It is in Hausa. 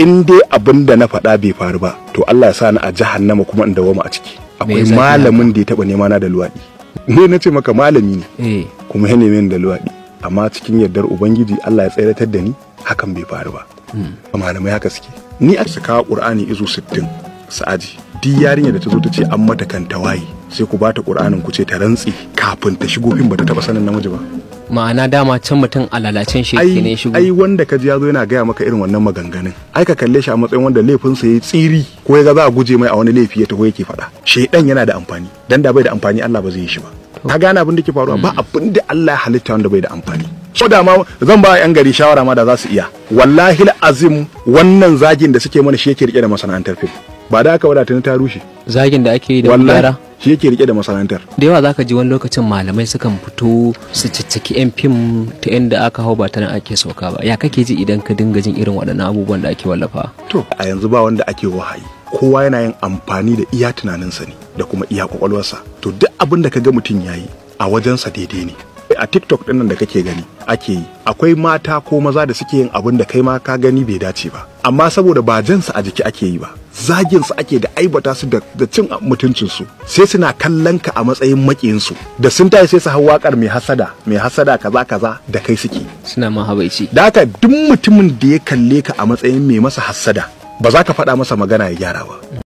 in dai abin da na faɗa bai faru ba to Allah ya sa ni a jahannama kuma in dawoma a ciki akwai malamin da ya taba nema na da luwaɗi ne na ce maka malami ne eh. kuma ya neme da luwaɗi amma cikin yardar ubangiji Allah ya tsayar da ni hakan bai faru ba hmm. malamai haka suke ni a saka qur'ani izo 60 sa'aji duk yarinya da ta zo ta ce an mata kan tawaye sai ku bata qur'anin ku ce ta rantsi kafin ta shigo fin bata taba sanin namiji ba ma'ana dama can mutum a lalacen shi ne shigo ai wanda ka ji ya zo yana gaya maka irin wannan maganganun ai ka kalle shi a matsayin wanda laifinsa ya tsiri ko ya ga za a guje mai a wani laifi ya taho yake faɗa shaidan yana da amfani dan da bai da amfani Allah ba zai yi shi ba ka gane abin da ke faruwa ba hmm. abin da Allah ya halitta wanda bai da amfani ko da ma zan ba yan gari shawara ma da za su iya wallahi azim wannan zagin da suke mana shi yake rike da masana'antar fim ba da aka wadata ta rushe zagin da ake yi da gyara shi yake rike da masana'antar da yawa zaka ji wani lokacin malamai sukan fito su cicciki yan fim ta inda aka hau ba ta ake sauka ba ya kake ji idan ka dinga jin irin waɗannan abubuwan da ake wallafa to a yanzu ba wanda ake wahayi kowa yana yin amfani da iya tunaninsa ne da kuma iya kwakwalwarsa to duk abin da ka ga mutum yayi a wajensa daidai ne a tiktok ɗin nan da kake gani ake yi akwai mata ko maza da suke yin abin da kai ma ka gani bai dace ba amma saboda ba jansu a jiki ake yi ba zagin su ake da aibata su da cin mutuncin su sai suna kallon ka a matsayin makiyin su da sun tayi sai su hau wakar mai hasada mai hasada kaza kaza da kai suke suna ma habaici da haka duk mutumin da ya kalle ka a matsayin mai masa hasada ba za ka faɗa masa magana ya gyara ba